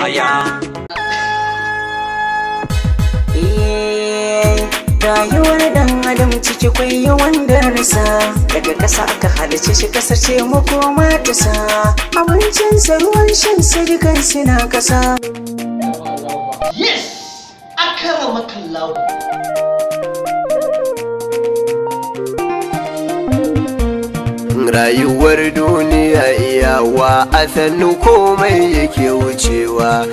mamaya eh, rayuwar dan adam ciki kwai yawan darasa daga ƙasa aka halice shi ƙasar ce makoma ta sa abincin sa ruwan shan sa dukan suna ƙasa yes akara rayuwar duniya iyawa a sannu komai yake wucewa